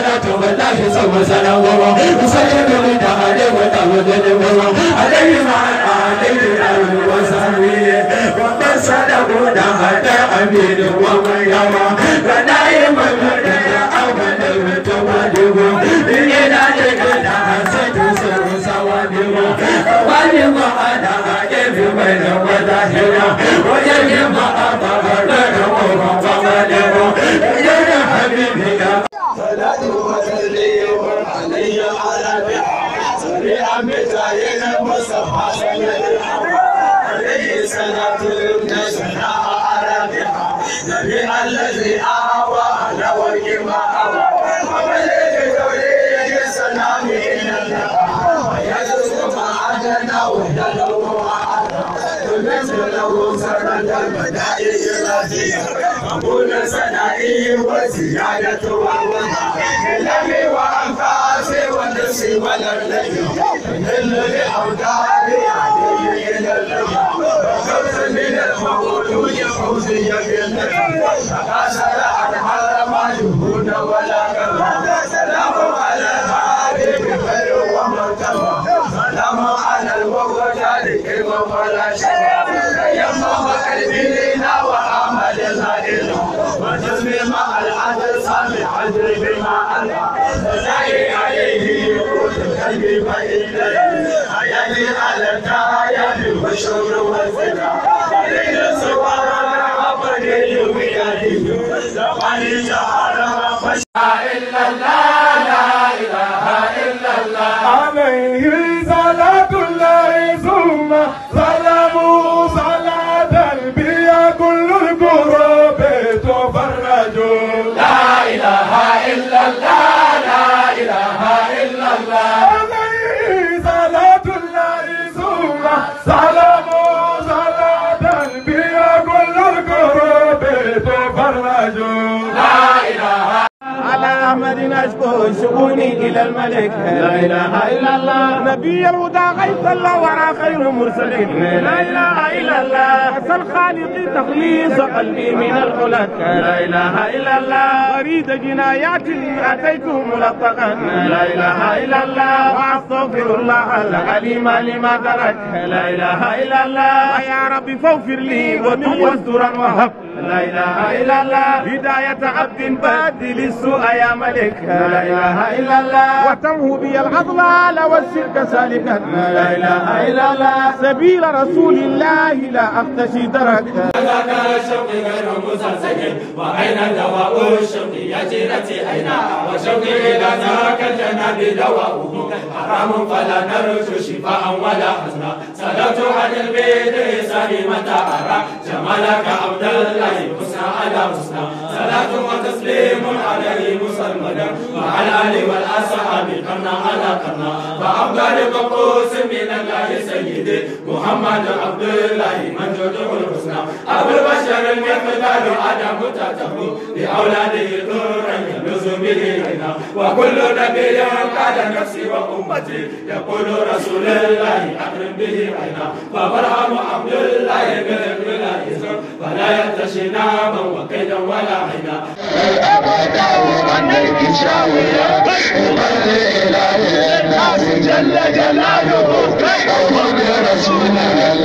salatu wallahi sawwa salamu usallimu min dahari wa tawajjadu alayhi ma alayhi alayhi wa sahbihi wa man sadaku da hada wa man wa da wa wa wa Ali Amita ya yi Mustapha Sallari Abubakar da yi sanatu na sana a Arabiya. Nabi Allah zai awa a lawarki ma awa. Mama ne ke daure ya yi sana mai nan da ba. Ya zo su ma adana wanda lauwa a domin tsoron rosar rantar madayin lafiya abunan sana'in wasu ya da tuwa wata ilami wa an fa'afi wanda su yi wadar da yi ilmi auta hari a daidai yi lalama ba kautar minar mahotu ya kautar yankin da kasar الأجر بما ألقى فسعي عليه يقول القلب فإنني حياتي على الدعاية والشكر والسلام علينا سوارنا عبدي وميادي زماني سهرنا فشا إلا الله لا إله إلا الله عليه صلاة الله ثم شؤوني إلى الملك لا إله إلا الله نبي الهدى غيث الله ورا خير المرسلين لا إله إلا الله عسى الخالق تخليص قلبي من الخلق لا إله إلا الله اريد جناياتي أتيته ملطقا لا إله إلا الله وأستغفر الله العليم لما ترك لا إله إلا الله آه يا ربي فاغفر لي وتب وهب لا إله إلا الله هداية عبد بادل السوء يا ملك لا إله إلا الله وتمه بي الأضلال والشرك سالكا لا إله إلا الله سبيل رسول الله لا أختشي دركا ذاك شوقي غير مزلزل وأين دواء الشوق يا جيرتي أين وشوقي إلى ذاك الجناب دواؤه حرام فلا نرجو شفاء ولا حزنا سلمت عن البيت لساني متى أرى جمالك عبد الله حسنا على حسنى صلاة وتسليم عليه مسلما وعلى آله والأصحاب قرنا على قرنا وأفضل طقوس من الله سيدي محمد عبد الله من جده الحسنى أبو البشر المقدار آدم تته لأولاده طورا يلوز به عينا وكل نبي قال نفسي وأمتي يقول رسول الله أكرم به عينا وبرهم عبد الله بالإبن لا فلا ولا يتشي وكيدا ولا عنا الأبد وعنك شاوية وغير إلهي الناس جل جلاله وقل رسولنا